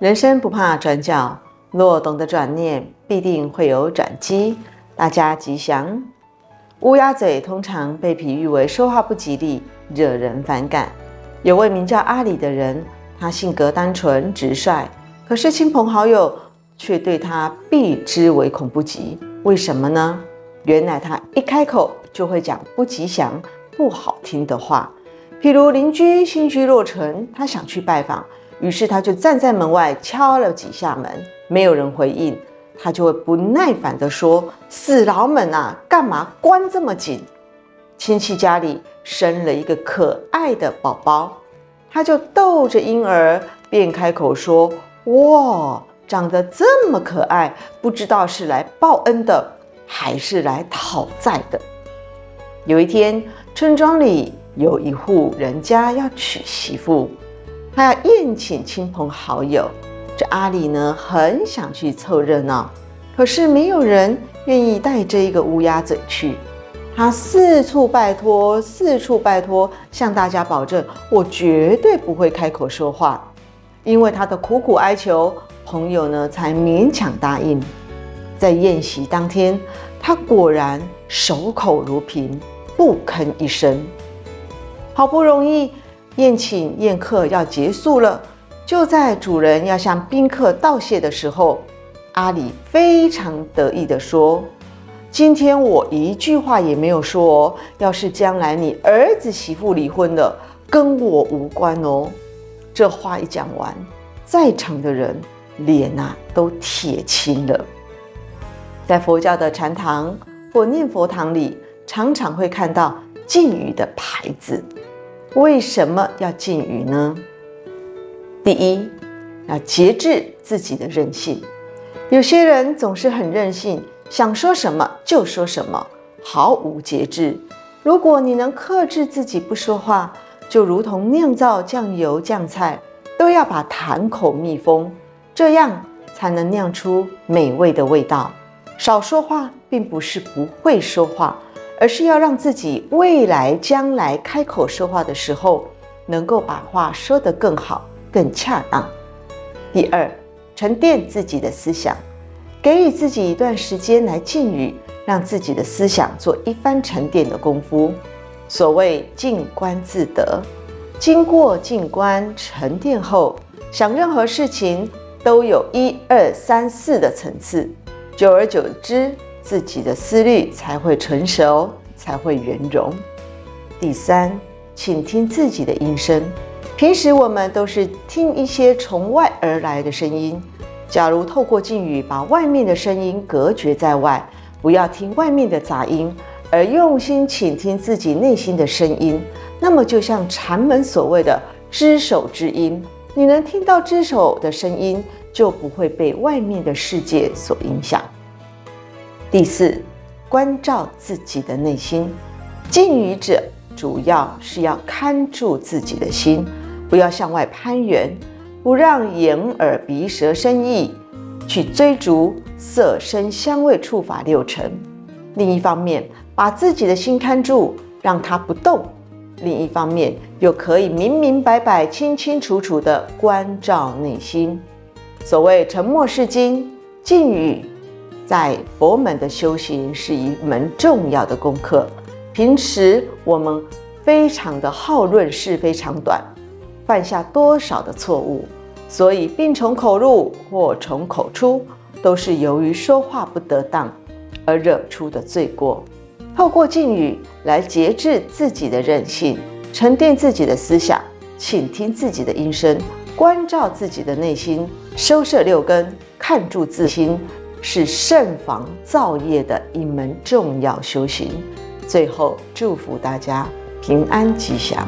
人生不怕轉角，若懂得轉念，必定會有轉機。大家吉祥。烏鴉嘴通常被比喻為說話不吉利，惹人反感。有位名叫阿里的人，他性格單純直率，可是親朋好友卻對他避之唯恐不及。為什麼呢？原來他一開口就會講不吉祥、不好聽的話。譬如鄰居新居落成，他想去拜訪。於是他就站在門外敲了幾下門，沒有人回應，他就會不耐煩地說：“死牢門啊，幹嘛關這麼緊？”親戚家裡生了一個可愛的寶寶，他就逗着嬰兒，便開口說：“哇，長得這麼可愛，不知道是來報恩的，還是來討債的？”有一天，村莊裡有一戶人家要娶媳婦。他要宴請親朋好友，這阿里呢很想去湊熱鬧，可是沒有人願意帶這一個烏鴉嘴去。他四處拜托，四處拜托，向大家保證，我絕對不會開口說話。因為他的苦苦哀求，朋友呢才勉強答應。在宴席當天，他果然守口如瓶，不吭一聲。好不容易，宴請宴客要結束了，就在主人要向賓客道謝的時候，阿里非常得意地說：“今天我一句話也沒有說哦，要是將來你兒子媳婦離婚了，跟我無關哦。”這話一講完，在場的人臉啊都鐵青了。在佛教的禪堂或念佛堂裡，常常會看到禁語的牌子。為什麼要禁語呢？第一，要節制自己的任性。有些人總是很任性，想說什麼就說什麼，毫無節制。如果你能克制自己不說話，就如同釀造醬油醬菜，都要把壇口密封，這樣才能釀出美味的味道。少說話並不是不會說話。而是要讓自己未來將來開口說話的時候，能夠把話說得更好、更恰當。第二，沉澱自己的思想，給予自己一段時間來禁語，讓自己的思想做一番沉澱的功夫。所謂靜觀自得，經過靜觀沉澱後，想任何事情，都有一二三四的層次。久而久之，自己的思慮才會成熟，才會圓融。第三，傾聽自己的音聲。平時我們都是聽一些從外而來的聲音。假如透過禁語把外面的聲音隔絕在外，不要聽外面的雜音，而用心傾聽自己內心的聲音，那麼就像禪門所謂的隻手之音。你能聽到隻手的聲音，就不會被外面的世界所影響。第四，關照自己的內心。禁語者，主要是要看住自己的心，不要向外攀緣，不讓眼耳鼻舌身意去追逐色聲香味觸法六塵。另一方面，把自己的心看住，讓它不動；另一方面，又可以明明白白、清清楚楚地關照內心。所謂沉默是金，禁語在佛門的修行是一門重要的功課。平時我們非常的好論是非長短，犯下多少的錯誤。所以病從口入，禍從口出，都是由於說話不得當而惹出的罪過。透過禁語來節制自己的任性，沉澱自己的思想，傾聽自己的音聲，關照自己的內心，收攝六根，看住自心，是慎防造業的一門重要修行。最後，祝福大家平安吉祥。